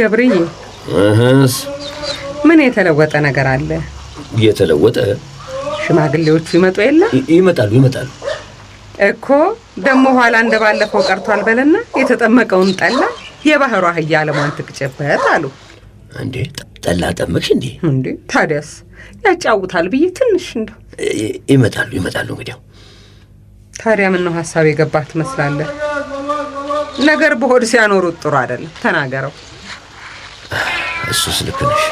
ገብርዬ ምን የተለወጠ ነገር አለ? የተለወጠ ሽማግሌዎቹ ይመጡ የለ? ይመጣሉ ይመጣሉ እኮ ደሞ ኋላ እንደ ባለፈው ቀርቷል በለና የተጠመቀውን ጠላ የባህሩ አህያ አለሟን ትቅጭበት አሉ። እንዴ ጠላ ጠመቅሽ እንዴ? እንዴ ታዲያስ ያጫውታል ብዬ ትንሽ እንደው ይመጣሉ ይመጣሉ። እንግዲያው ታዲያ ምን ነው ሀሳብ የገባህ ትመስላለህ? ነገር በሆድ ሲያኖሩት ጥሩ አይደለም። ተናገረው እሱስ ልክ ነሽ።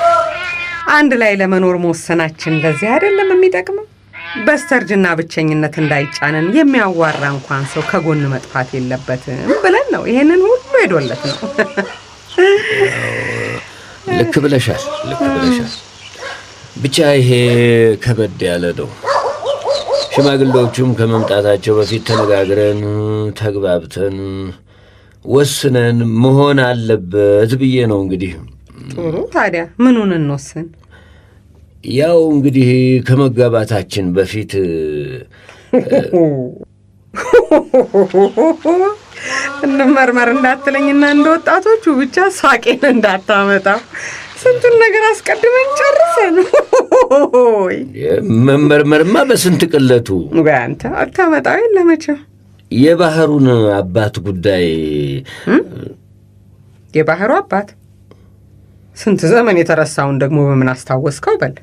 አንድ ላይ ለመኖር መወሰናችን ለዚህ አይደለም የሚጠቅመው በስተርጅና ብቸኝነት እንዳይጫነን የሚያዋራ እንኳን ሰው ከጎን መጥፋት የለበትም ብለን ነው ይሄንን ሁሉ ሄዶለት ነው። ልክ ብለሻል፣ ልክ ብለሻል። ብቻ ይሄ ከበድ ያለ ነው። ሽማግሌዎቹም ከመምጣታቸው በፊት ተነጋግረን ተግባብተን ወስነን መሆን አለበት ብዬ ነው እንግዲህ ጥሩ ታዲያ ምኑን እንወስን? ያው እንግዲህ ከመጋባታችን በፊት እንመርመር እንዳትለኝና እንደ ወጣቶቹ ብቻ ሳቄን እንዳታመጣው ስንቱን ነገር አስቀድመን ጨርሰን። መመርመርማ በስንት ቅለቱ አንተ አታመጣው የለመቸው የባህሩን አባት ጉዳይ የባህሩ አባት ስንት ዘመን የተረሳውን ደግሞ በምን አስታወስከው? በል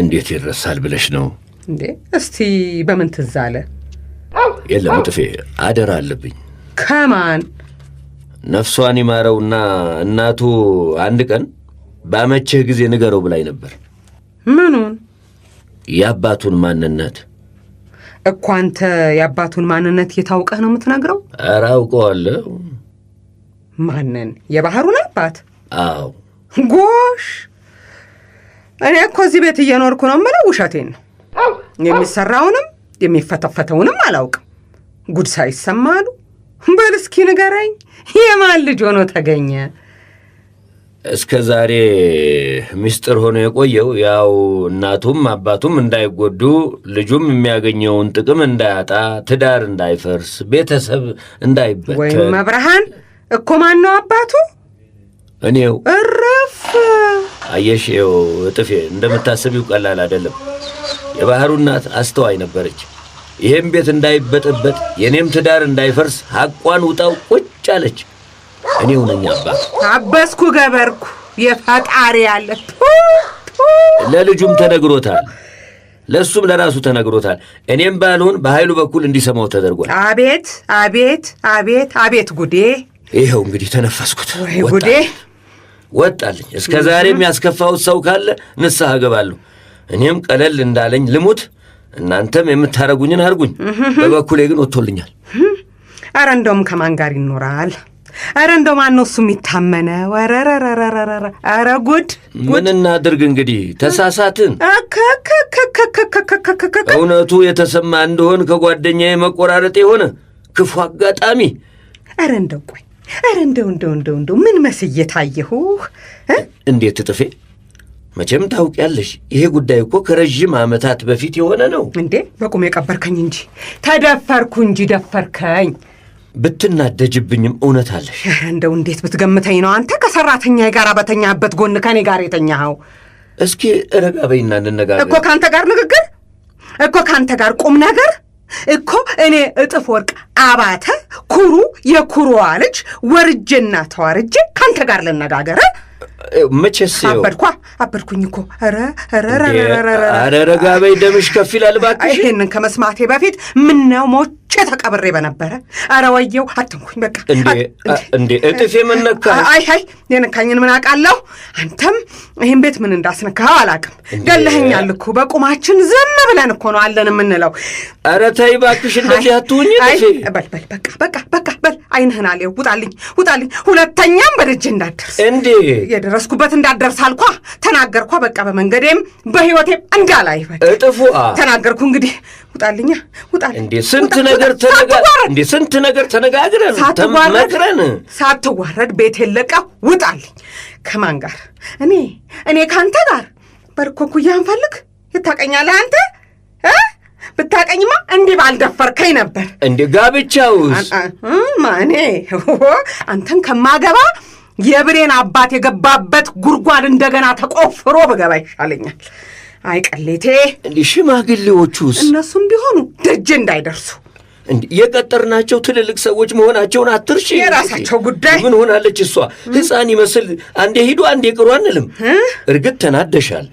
እንዴት ይረሳል ብለሽ ነው እንዴ? እስቲ በምን ትዝ አለ? የለም ጥፌ አደራ አለብኝ። ከማን ነፍሷን ይማረውና እናቱ አንድ ቀን ባመቸህ ጊዜ ንገረው ብላኝ ነበር። ምኑን? የአባቱን ማንነት እኮ አንተ የአባቱን ማንነት የታውቀህ ነው የምትነግረው? ኧረ አውቀዋለሁ። ማንን? የባህሩን አባት? አዎ ጎሽ እኔ እኮ እዚህ ቤት እየኖርኩ ነው የምለው፣ ውሸቴን ነው። የሚሰራውንም የሚፈተፈተውንም አላውቅም። ጉድ ሳይሰማሉ በል እስኪ ንገረኝ፣ የማን ልጅ ሆኖ ተገኘ? እስከ ዛሬ ምስጢር ሆኖ የቆየው ያው እናቱም አባቱም እንዳይጎዱ ልጁም የሚያገኘውን ጥቅም እንዳያጣ፣ ትዳር እንዳይፈርስ፣ ቤተሰብ እንዳይበተን ወይም መብርሃን እኮ ማን ነው አባቱ እኔው እረፍ። አየሽ ው እጥፌ እንደምታስቢው ቀላል አይደለም። የባህሩ እናት አስተዋይ ነበረች። ይህም ቤት እንዳይበጠበጥ የእኔም ትዳር እንዳይፈርስ ሐቋን ውጣው ቁጭ አለች። እኔው ነኝ አባ። አበስኩ ገበርኩ የፈጣሪ ያለ ለልጁም ተነግሮታል። ለእሱም ለራሱ ተነግሮታል። እኔም ባልሆን በኃይሉ በኩል እንዲሰማው ተደርጓል። አቤት አቤት አቤት አቤት ጉዴ! ይኸው እንግዲህ ተነፈስኩት። ጉዴ! ወጣልኝ። እስከ ዛሬም ያስከፋሁት ሰው ካለ ንስሐ እገባለሁ። እኔም ቀለል እንዳለኝ ልሙት፣ እናንተም የምታረጉኝን አርጉኝ። በበኩሌ ግን ወጥቶልኛል። አረ እንደውም ከማን ጋር ይኖራል? አረ እንደው ማን ነው እሱ የሚታመነው? አረ ጉድ! ምን እናድርግ እንግዲህ ተሳሳትን። እውነቱ የተሰማ እንደሆን ከጓደኛ መቆራረጥ የሆነ ክፉ አጋጣሚ። አረ እንደው ቆይ ኧረ እንደው እንደው እንደው እንደው ምን መስዬ ታየሁህ? እንዴት እጥፌ፣ መቼም ታውቂያለሽ፣ ይሄ ጉዳይ እኮ ከረዥም ዓመታት በፊት የሆነ ነው። እንዴ በቁም የቀበርከኝ እንጂ ተደፈርኩ እንጂ ደፈርከኝ። ብትናደጅብኝም እውነት አለሽ። እንደው እንዴት ብትገምተኝ ነው አንተ ከሠራተኛ ጋር በተኛህበት ጎን ከኔ ጋር የተኛኸው? እስኪ ረጋ በይና እንነጋገር እኮ ከአንተ ጋር ንግግር እኮ ከአንተ ጋር ቁም ነገር እኮ እኔ እጥፍ ወርቅ አባተ ኩሩ የኩሩዋ ልጅ ወርጄና ተዋርጄ ካንተ ጋር ልነጋገረ መቼስ አበድኳ አበድኩኝ እኮ ደምሽ ከፍ ይላል እባክሽ። ይሄንን ከመስማቴ በፊት ምነው ሞቼ ተቀብሬ በነበረ። ኧረ ወየው አትንኩኝ። በቃ እንዴ እጥፌ ምን ነካሽ? አይ አይ የነካኝን ምን አውቃለሁ። አንተም ይህን ቤት ምን እንዳስነካው አላውቅም። ገለኸኛል እኮ በቁማችን ዝም ብለን እኮ ነው አለን የምንለው። ተይ እባክሽ እንደዚህ አትሁኝ። በል በል በቃ በቃ በቃ አይንህን አለ ውጣልኝ፣ ውጣልኝ። ሁለተኛም በደጅ እንዳደርስ እንዴ የደረስኩበት እንዳደርስ አልኳ፣ ተናገርኳ። በቃ በመንገዴም በህይወቴም እንዳላይ እጥፉ ተናገርኩ። እንግዲህ ውጣልኛ፣ ውጣልኝ። እንዴ ስንት ነገር ተነጋግረን እንዴ ስንት ነገር ተነጋግረን ተመክረን፣ ሳትዋረድ ቤት የለቀ ውጣልኝ። ከማን ጋር እኔ እኔ ከአንተ ጋር በርኮኩያን ፈልግ፣ ይታቀኛለህ አንተ ብታቀኝማ እንዲህ ባልደፈርከኝ ነበር። እንደ ጋብቻውስ ማኔ አንተን ከማገባ የብሬን አባት የገባበት ጉድጓድ እንደገና ተቆፍሮ ብገባ ይሻለኛል። አይ ቀሌቴ፣ ሽማግሌዎቹስ? እነሱም ቢሆኑ ደጅ እንዳይደርሱ የቀጠርናቸው ትልልቅ ሰዎች መሆናቸውን አትርሺ። የራሳቸው ጉዳይ። ምን ሆናለች እሷ? ሕፃን ይመስል አንዴ ሂዱ አንዴ ቅሩ አንልም። እርግጥ ተናደሻል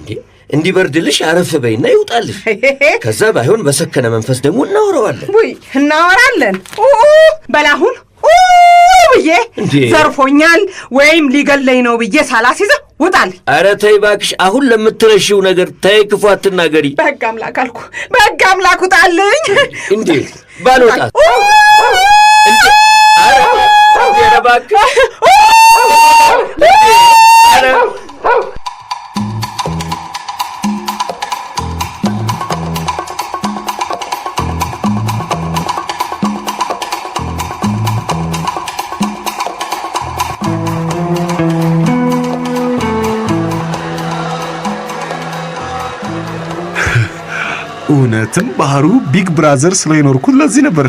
እንዴ? እንዲበርድልሽ አረፍ በይና ይውጣልሽ። ከዛ ባይሆን በሰከነ መንፈስ ደግሞ እናወረዋለን። ውይ እናወራለን። በላሁን ብዬ ዘርፎኛል ወይም ሊገለኝ ነው ብዬ ሳላሲዘ ውጣል። አረ ተይ እባክሽ፣ አሁን ለምትረሺው ነገር ተይ፣ ክፉ አትናገሪ። በህግ አምላክ አልኩ፣ በህግ አምላክ ውጣልኝ። እንዴት ባልወጣት እባክህ እውነትም ባህሩ ቢግ ብራዘር ስለኖርኩት ለዚህ ነበር።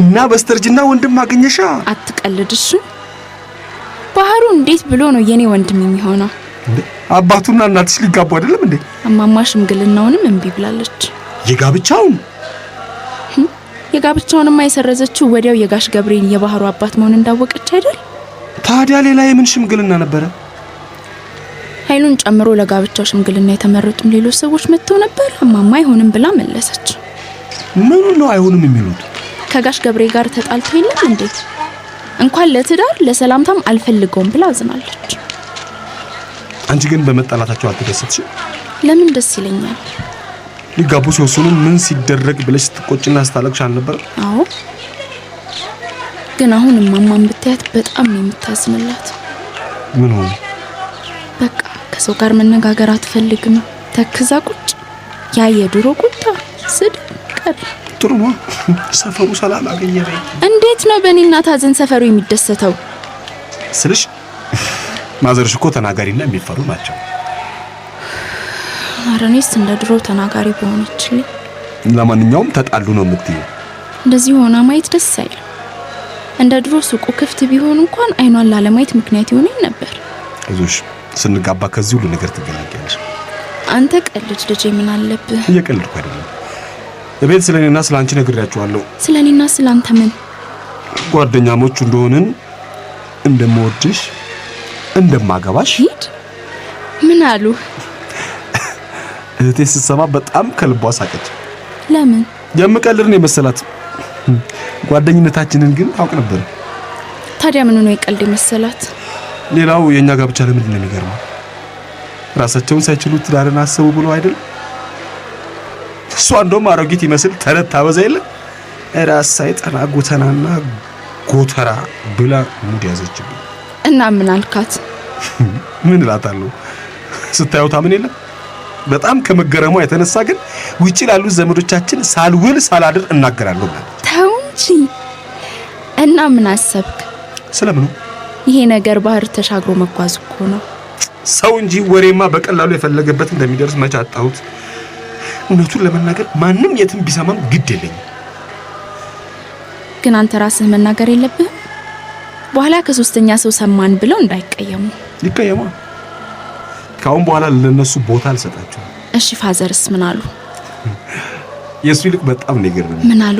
እና በስተርጅና ወንድም አገኘሻ። እሱ ባህሩ እንዴት ብሎ ነው የኔ ወንድም የሚሆነው? አባቱና እናትሽ ሊጋቡ አይደለም እንዴ? እማማ ሽምግልናውንም እምቢ ብላለች። የጋብቻውን የጋብቻውንማ የሰረዘችው ወዲያው የጋሽ ገብሬን የባህሩ አባት መሆን እንዳወቀች አይደል? ታዲያ ሌላ የምን ሽምግልና ነበረ? ኃይሉን ጨምሮ ለጋብቻው ሽምግልና የተመረጡም ሌሎች ሰዎች መጥተው ነበር። እማማ አይሆንም ብላ መለሰች። ምኑ ነው አይሆንም የሚሉት? ከጋሽ ገብሬ ጋር ተጣልቶ የለም እንዴት? እንኳን ለትዳር ለሰላምታም አልፈልገውም ብላ አዝናለች። አንቺ ግን በመጣላታቸው አልተደሰትሽ? ለምን ደስ ይለኛል። ሊጋቡ ሲወስኑ ምን ሲደረግ ብለሽ ስትቆጭና ስታለቅሽ አልነበር? አዎ። ግን አሁን እማማን ብታያት በጣም ነው የምታዝንላት። ምን ሆነ? በቃ ከሰው ጋር መነጋገር አትፈልግም። ተክዛ ቁጭ ያ የድሮ ቁጣ ስድ ቀር ጥሩ ነው። ሰፈሩ ሰላም አገኘ። እንዴት ነው በእኔና ታዘን ሰፈሩ የሚደሰተው ስልሽ፣ ማዘርሽ እኮ ተናጋሪና የሚፈሩ ናቸው። ኧረ እኔስ እንደ ድሮ ተናጋሪ በሆነች። ለማንኛውም ተጣሉ ነው የምትይው? እንደዚህ ሆና ማየት ደስ አይል። እንደ ድሮ ሱቁ ክፍት ቢሆን እንኳን አይኗን ላለማየት ምክንያት ይሆነኝ ነበር። እዙሽ ስንጋባ ከዚህ ሁሉ ነገር ትገላገያለሽ። አንተ ቀልድ ልጅ፣ ምን አለብህ? እየቀልድኩ አይደለም። እቤት ስለ እኔና ስለ አንቺ ነግሬያቸዋለሁ። ስለ እኔና ስለ አንተ ምን? ጓደኛሞቹ እንደሆንን፣ እንደምወድሽ፣ እንደማገባሽ። ሂድ። ምን አሉ? እህቴ ስትሰማ በጣም ከልቧ ሳቀች። ለምን? የምቀልድ ነው የመሰላት። ጓደኝነታችንን ግን ታውቅ ነበር። ታዲያ ምን ነው የቀልድ የመሰላት? ሌላው የእኛ ጋብቻ ለምንድን ነው የሚገርመው? ራሳቸውን ሳይችሉ ትዳርን አሰቡ ብሎ አይደለም። እሷ እንደውም አሮጊት ይመስል ተረት ታበዛ የለ ራስ ሳይጠና ጎተናና ጎተራ ብላ ሙድ ያዘችብኝ እና ምን አልካት? ምን እላታለሁ? ስታዩታ ምን የለም በጣም ከመገረሟ የተነሳ ግን ውጪ ላሉት ዘመዶቻችን ሳልውል ሳላድር እናገራለሁ። ተው እንጂ እና ምን አሰብክ? ስለምኑ ይሄ ነገር ባህር ተሻግሮ መጓዝ እኮ ነው። ሰው እንጂ ወሬማ በቀላሉ የፈለገበት እንደሚደርስ መቼ አጣሁት። እውነቱን ለመናገር ማንም የትም ቢሰማም ግድ የለኝም። ግን አንተ ራስህ መናገር የለብህም። በኋላ ከሶስተኛ ሰው ሰማን ብለው እንዳይቀየሙ። ይቀየሙ። ከአሁን በኋላ ለነሱ ቦታ አልሰጣቸው። እሺ። ፋዘርስ ምን አሉ? የእሱ ይልቅ በጣም ነገር ምን አሉ?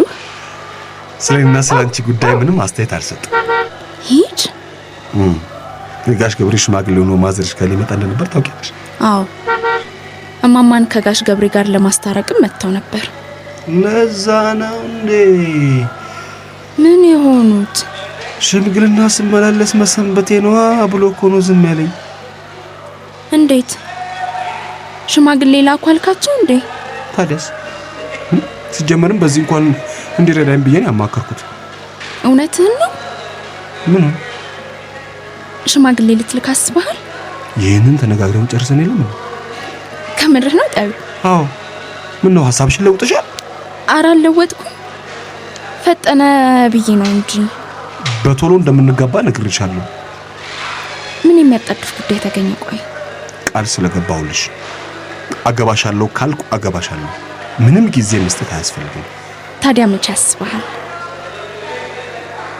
ስለኔና ስለ አንቺ ጉዳይ ምንም አስተያየት አልሰጥም። ሂድ ጋሽ ገብሬ ሽማግሌ ሆኖ ማዘርሽ ጋር ሊመጣ እንደነበር ታውቂያለሽ? አዎ፣ እማማን ከጋሽ ገብሬ ጋር ለማስታረቅም መጥተው ነበር። ለዛ ነው እንዴ? ምን የሆኑት? ሽምግልና ስመላለስ መሰንበቴ ነዋ ብሎ እኮ ነው ዝም ያለኝ። እንዴት ሽማግሌ ላኩ አልካቸው እንዴ? ታዲያስ? ሲጀመርም በዚህ እንኳን እንዲረዳኝ ብዬን ያማከርኩት። እውነትህን ነው? ምን ሽማግሌ ልትልክ አስበሃል? ይህንን ተነጋግረን ጨርሰን የለም ከምድር ነው ጠቢ? አዎ። ምን ነው ሀሳብሽን ለውጥሻል? አረ አልለወጥኩም፣ ፈጠነ ብዬ ነው እንጂ በቶሎ እንደምንጋባ ነግሬሻለሁ። ምን የሚያጣድፍ ጉዳይ ተገኘ? ቆይ ቃል ስለገባሁልሽ አገባሻለሁ ካልኩ አገባሻለሁ። ምንም ጊዜ መስጠት አያስፈልግም። ታዲያ መቼ ያስበሃል?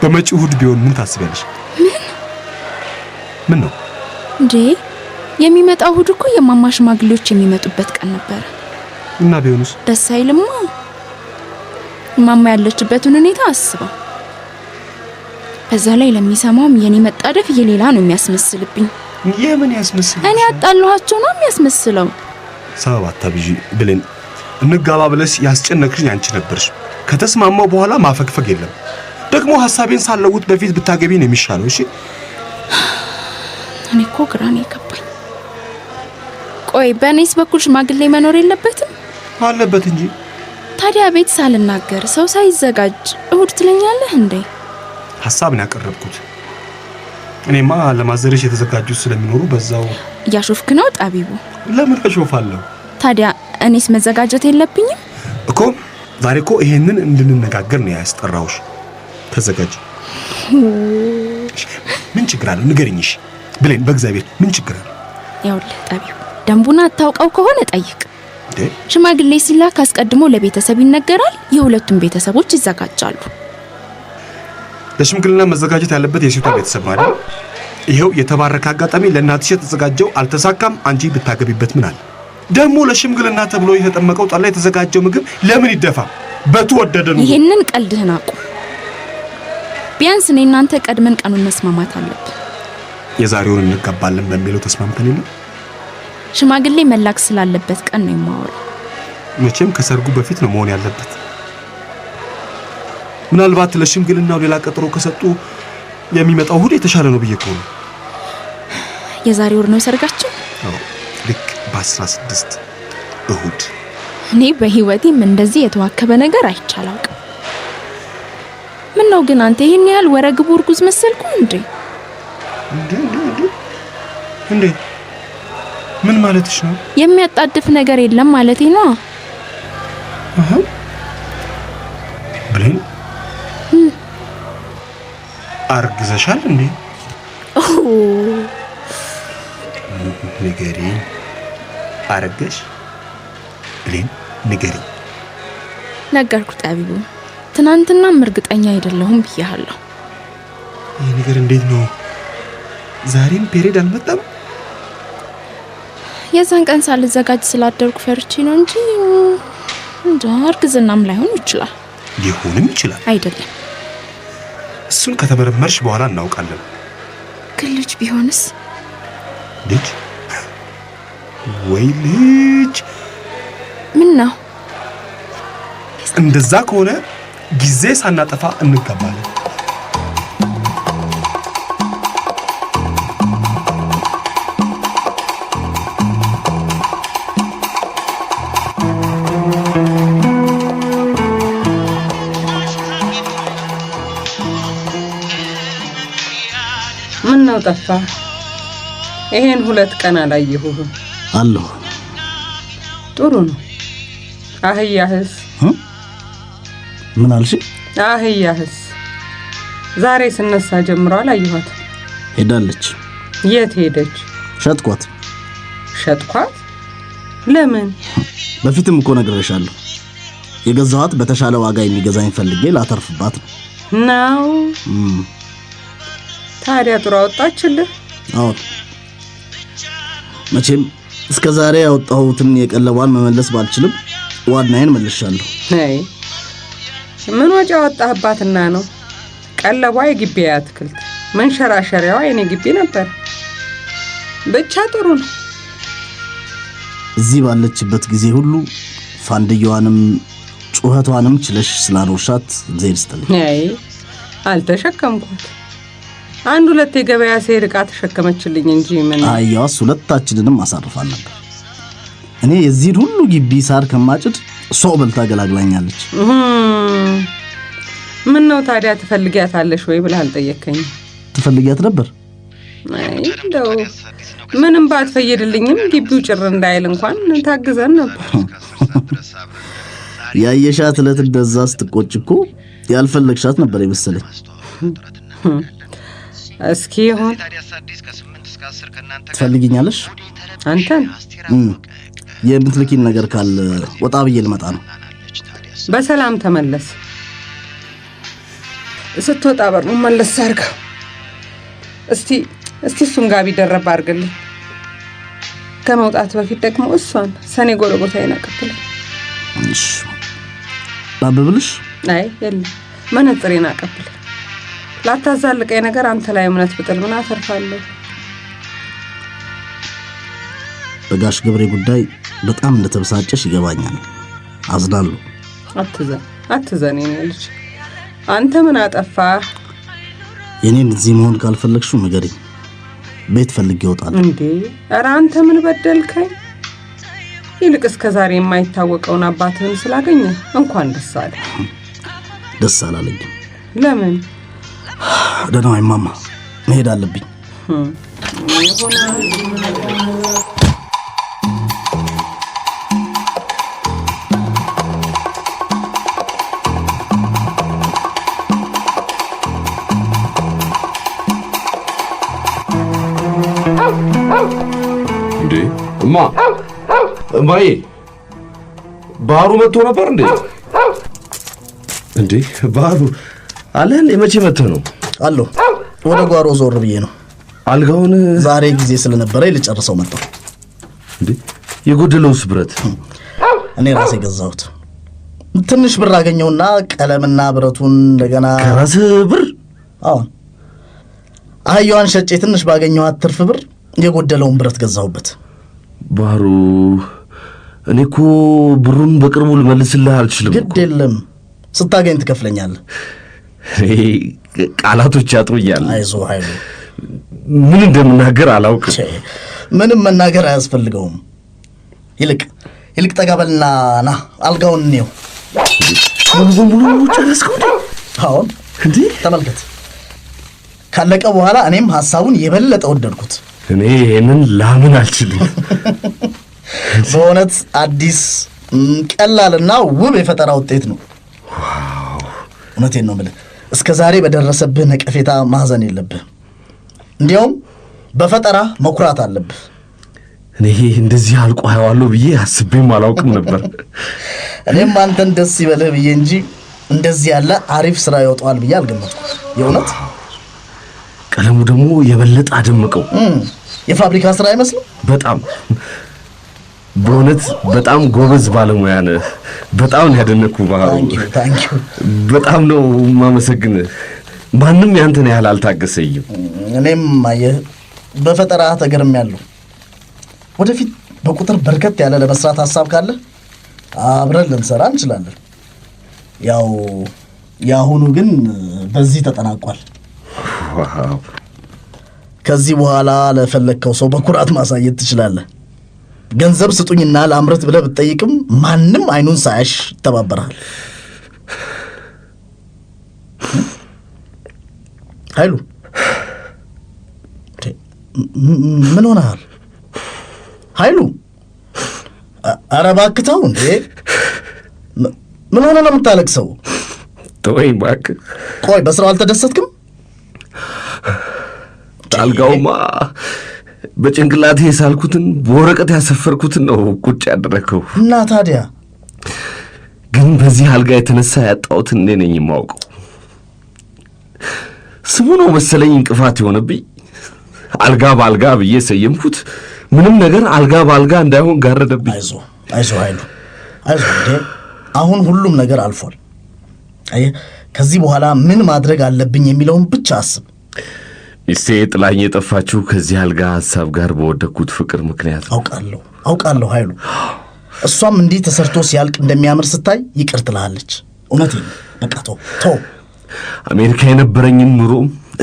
በመጪው ሁድ ቢሆን ምን ታስቢያለሽ? ምን ምን ነው እንዴ? የሚመጣው እሁድ እኮ የማማ ሽማግሌዎች የሚመጡበት ቀን ነበረ። እና ቢሆንስ? ደስ አይልማ። ማማ ያለችበትን ሁኔታ አስበው። በዛ ላይ ለሚሰማውም የኔ መጣደፍ የሌላ ነው የሚያስመስልብኝ። የምን ያስመስል? እኔ አጣላኋቸው ነው የሚያስመስለው። ሰበብ አታብዢ ብለን እንጋባ ብለሽ ያስጨነቅሽኝ አንቺ ነበርሽ። ከተስማማው በኋላ ማፈግፈግ የለም። ደግሞ ሀሳቤን ሳለውጥ በፊት ብታገቢ ነው የሚሻለው። እሺ እኔ እኮ ግራ ነው የገባኝ። ቆይ በእኔስ በኩል ሽማግሌ መኖር የለበትም? አለበት እንጂ። ታዲያ ቤት ሳልናገር ሰው ሳይዘጋጅ እሁድ ትለኛለህ እንዴ? ሀሳብ ነው ያቀረብኩት። እኔማ ለማዘረሽ የተዘጋጁ ስለሚኖሩ በዛው። እያሾፍክ ነው ጠቢቡ? ለምን እሾፋለሁ ታዲያ? እኔስ መዘጋጀት የለብኝም እኮ። ዛሬ እኮ ይሄንን እንድንነጋገር ነው ያስጠራውሽ። ተዘጋጅ። ምን ችግር አለው? ንገሪኝሽ ብሌን፣ በእግዚአብሔር ምን ችግር አለ? ያውልህ ጠቢው ደንቡን አታውቀው ከሆነ ጠይቅ። ሽማግሌ ሲላክ አስቀድሞ ለቤተሰብ ይነገራል። የሁለቱም ቤተሰቦች ይዘጋጃሉ። ለሽምግልና መዘጋጀት ያለበት የሴቷ ቤተሰብ ነው አይደል? ይኸው የተባረከ አጋጣሚ ለእናትሽ የተዘጋጀው አልተሳካም። አንቺ ብታገቢበት ምን አለ? ደግሞ ለሽምግልና ተብሎ የተጠመቀው ጠላ የተዘጋጀው ምግብ ለምን ይደፋ? በተወደደ ነው። ይህንን ቀልድህን አቁም። ቢያንስ እኔ እናንተ ቀድመን ቀኑን መስማማት አለብን። የዛሬውን እንጋባለን በሚለው ተስማምተን የለም። ሽማግሌ መላክ ስላለበት ቀን ነው የማወራው። መቼም ከሰርጉ በፊት ነው መሆን ያለበት። ምናልባት ለሽምግልናው ሌላ ቀጠሮ ከሰጡ የሚመጣው እሁድ የተሻለ ነው ብዬ ከሆነ የዛሬ ወር ነው ሰርጋችን። ልክ በ16 እሁድ። እኔ በህይወቴም እንደዚህ የተዋከበ ነገር አይቻላውቅም። ምን ነው ግን አንተ ይህን ያህል ወረግቡ እርጉዝ መሰልኩ እንዴ? እንዴ ምን ማለትሽ ነው? የሚያጣድፍ ነገር የለም ማለት ነው። አህ ብሌን አርግዘሻል እንዴ? ኦ ንገሪ። አረገሽ? ብሌን ንገሪ። ነገርኩ ጠቢቡ፣ ትናንትናም እርግጠኛ አይደለሁም ብያለሁ። ይህ ነገር እንዴት ነው ዛሬም ፔሬድ አልመጣም። የዛን ቀን ሳልዘጋጅ ስላደርኩ ፈርቼ ነው እንጂ እንጃ፣ እርግዝናም ላይሆን ይችላል፣ ሊሆንም ይችላል። አይደለም፣ እሱን ከተመረመርሽ በኋላ እናውቃለን። ግን ልጅ ቢሆንስ? ልጅ ወይ ልጅ ምን ነው? እንደዛ ከሆነ ጊዜ ሳናጠፋ እንገባለን። ጠፋ። ይሄን ሁለት ቀን አላየሁህም። አለሁ። ጥሩ ነው። አህያህስ? ምን አልሽ? አህያህስ? ዛሬ ስነሳ ጀምሮ አላየኋት። ሄዳለች። የት ሄደች? ሸጥኳት። ሸጥኳት? ለምን? በፊትም እኮ ነግሬሻለሁ። የገዛኋት በተሻለ ዋጋ የሚገዛኝ ፈልጌ ላተርፍባት ነው ነው ታዲያ ጥሩ አወጣችልህ? አዎ መቼም እስከ ዛሬ ያወጣሁትን የቀለቧን መመለስ ባልችልም ዋናዬን መልሻለሁ። አይ ምን ወጪ አወጣህባትና ነው? ቀለቧ የግቢ አትክልት፣ መንሸራሸሪያዋ የኔ ግቢ ነበር። ብቻ ጥሩ ነው። እዚህ ባለችበት ጊዜ ሁሉ ፋንድየዋንም ጩኸቷንም ችለሽ ስላኖርሻት እግዜር ይስጥልኝ። አይ አልተሸከምኳት። አንድ ሁለት የገበያ ስሄድ ዕቃ ተሸከመችልኝ እንጂ ምን አያዋስ ሁለታችንንም አሳርፋን ነበር። እኔ የዚህን ሁሉ ግቢ ሳር ከማጭድ እሷ በልታ ገላግላኛለች። ምን ነው ታዲያ ትፈልጊያታለሽ ወይ ብለህ አልጠየከኝ። ትፈልጊያት ነበር እንደው ምንም ባትፈየድልኝም ግቢው ጭር እንዳይል እንኳን ታግዘን ነበር። ያየሻት ዕለት እንደዛ ስትቆጭ እኮ ያልፈለግሻት ነበር የመሰለኝ። እስኪ ይሁን ትፈልግኛለሽ? አንተን የምትልኪን ነገር ካለ ወጣ ብዬ ልመጣ ነው። በሰላም ተመለስ። ስትወጣ በር ነው መለስ አድርገው። እስቲ እስቲ እሱን ጋር ቢደረብ አድርግልኝ። ከመውጣት በፊት ደግሞ እሷን ሰኔ ጎረጎታዬን አቀብለኝ። እሺ ላብብልሽ? አይ የለም መነጽሬን አቀብለኝ። ላታዛልቀኝ ነገር አንተ ላይ እምነት ብጥል ምን አተርፋለሁ? በጋሽ ገብሬ ጉዳይ በጣም እንደተበሳጨሽ ይገባኛል። አዝናለሁ። አትዘን አትዘን፣ የኔ ልጅ አንተ ምን አጠፋ የኔን እዚህ መሆን ካልፈለግሽው ንገሪኝ፣ ቤት ፈልግ ይወጣል። እንዴ ኧረ አንተ ምን በደልከኝ? ይልቅ እስከ ዛሬ የማይታወቀውን አባትህን ስላገኘ እንኳን ደስ አለ። ደስ አላለኝም። ለምን? Dah, dah, memang mah. Mahir dah lebih. Baik, baru nak turun. Apa ada? Dah, dah, baru. አለ እንዴ? መቼ መጥተህ ነው? አለሁ። ወደ ጓሮ ዞር ብዬ ነው። አልጋውን ዛሬ ጊዜ ስለነበረ ልጨርሰው መጣሁ። እንዴ የጎደለውስ ብረት? እኔ ራሴ ገዛሁት። ትንሽ ብር አገኘውና ቀለምና ብረቱን እንደገና ከራስህ ብር? አሁን አህያዋን ሸጬ ትንሽ ባገኘኋት ትርፍ ብር የጎደለውን ብረት ገዛሁበት። ባህሩ እኔ እኮ ብሩን በቅርቡ ልመልስልህ አልችልም። ግድ የለም ስታገኝ ትከፍለኛለህ። ቃላቶች ያጥሩኛል። አይዞህ ኃይሉ ምን እንደምናገር አላውቅም። ምንም መናገር አያስፈልገውም። ይልቅ ይልቅ ጠጋበልና ና አልጋውን እኔው አሁን እንዲህ ተመልከት። ካለቀ በኋላ እኔም ሀሳቡን የበለጠ ወደድኩት። እኔ ይህንን ላምን አልችልም። በእውነት አዲስ ቀላልና ውብ የፈጠራ ውጤት ነው። እውነቴን ነው የምልህ እስከ ዛሬ በደረሰብህ ነቀፌታ ማዘን የለብህ። እንዲያውም በፈጠራ መኩራት አለብህ። እኔ እንደዚህ አልቆ አየዋለሁ ብዬ አስቤም አላውቅም ነበር። እኔም አንተን ደስ ይበልህ ብዬ እንጂ እንደዚህ ያለ አሪፍ ስራ ይወጣዋል ብዬ አልገመትኩም። የእውነት ቀለሙ ደግሞ የበለጠ አደምቀው የፋብሪካ ስራ አይመስልም በጣም በእውነት በጣም ጎበዝ ባለሙያ ነህ። በጣም ነው ያደነኩ ባህሩ። በጣም ነው የማመሰግንህ። ማንም ያንተን ያህል አልታገሰኝም። እኔም አየህ በፈጠራ ያለው ወደፊት በቁጥር በርከት ያለ ለመስራት ሀሳብ ካለ አብረን ልንሰራ እንችላለን። ያው የአሁኑ ግን በዚህ ተጠናቋል። ከዚህ በኋላ ለፈለግከው ሰው በኩራት ማሳየት ትችላለህ። ገንዘብ ስጡኝና ለአምረት ብለህ ብትጠይቅም ማንም አይኑን ሳያሽ ይተባበራል። ኃይሉ ምን ሆነሃል? ኃይሉ ኧረ እባክህ ተው እንዴ! ምን ሆነ ነው የምታለቅሰው? ተወኝ እባክህ። ቆይ በስራው አልተደሰትክም? አልጋውማ በጭንቅላቴ የሳልኩትን በወረቀት ያሰፈርኩትን ነው ቁጭ ያደረግከው። እና ታዲያ ግን በዚህ አልጋ የተነሳ ያጣሁት እኔ ነኝ የማውቀው። ስሙ ነው መሰለኝ እንቅፋት የሆነብኝ። አልጋ በአልጋ ብዬ ሰየምኩት። ምንም ነገር አልጋ በአልጋ እንዳይሆን ጋረደብኝ። አይዞ አይዞ ኃይሉ አይዞ እንዴ፣ አሁን ሁሉም ነገር አልፏል። ከዚህ በኋላ ምን ማድረግ አለብኝ የሚለውን ብቻ አስብ። ሚስቴ ጥላኝ የጠፋችው ከዚህ አልጋ ሀሳብ ጋር በወደኩት ፍቅር ምክንያት አውቃለሁ አውቃለሁ ኃይሉ እሷም እንዲህ ተሰርቶ ሲያልቅ እንደሚያምር ስታይ ይቅር ትላለች። እውነት በቃ ተው ተው። አሜሪካ የነበረኝን ኑሮ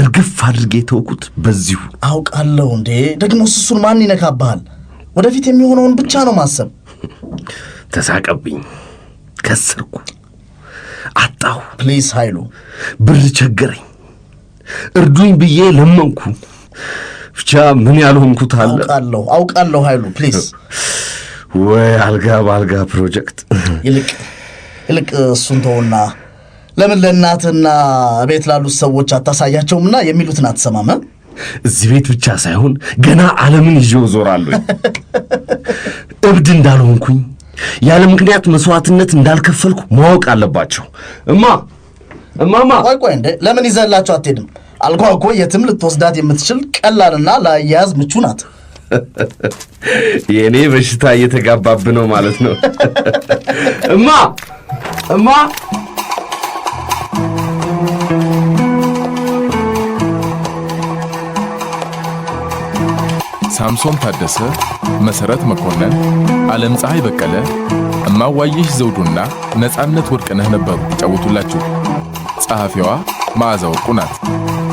እርግፍ አድርጌ ተውኩት በዚሁ። አውቃለሁ እንዴ ደግሞ ስሱን ማን ይነካብሃል? ወደፊት የሚሆነውን ብቻ ነው ማሰብ። ተሳቀብኝ፣ ከሰርኩ፣ አጣሁ። ፕሊስ ኃይሉ ብር ቸገረኝ እርዱኝ ብዬ ለመንኩ። ብቻ ምን ያልሆንኩት አለ። አውቃለሁ አውቃለሁ። ኃይሉ ፕሊዝ፣ ወይ አልጋ በአልጋ ፕሮጀክት። ይልቅ ይልቅ እሱን ተውና ለምን ለእናትና ቤት ላሉት ሰዎች አታሳያቸውምና የሚሉትን አትሰማም? እዚህ ቤት ብቻ ሳይሆን ገና ዓለምን ይዤው ዞራለሁ። እብድ እንዳልሆንኩኝ ያለ ምክንያት መስዋዕትነት እንዳልከፈልኩ ማወቅ አለባቸው እማ እማማ ቆይ ቆይ፣ እንደ ለምን ይዘህላቸው አትሄድም? አልኳ እኮ የትም ልትወስዳት የምትችል ቀላልና ለአያያዝ ምቹ ናት። የእኔ በሽታ እየተጋባብ ነው ማለት ነው። እማ እማ ሳምሶን ታደሰ፣ መሠረት መኮንን፣ ዓለም ፀሐይ በቀለ፣ እማዋይሽ ዘውዱና ነፃነት ወርቅነህ ነበሩ ይጫወቱላችሁ። ጸሐፊዋ መዓዛ ወርቁ ናት።